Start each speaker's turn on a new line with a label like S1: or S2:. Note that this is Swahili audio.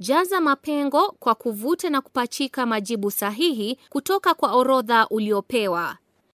S1: Jaza mapengo kwa kuvuta na kupachika majibu sahihi kutoka kwa orodha uliopewa.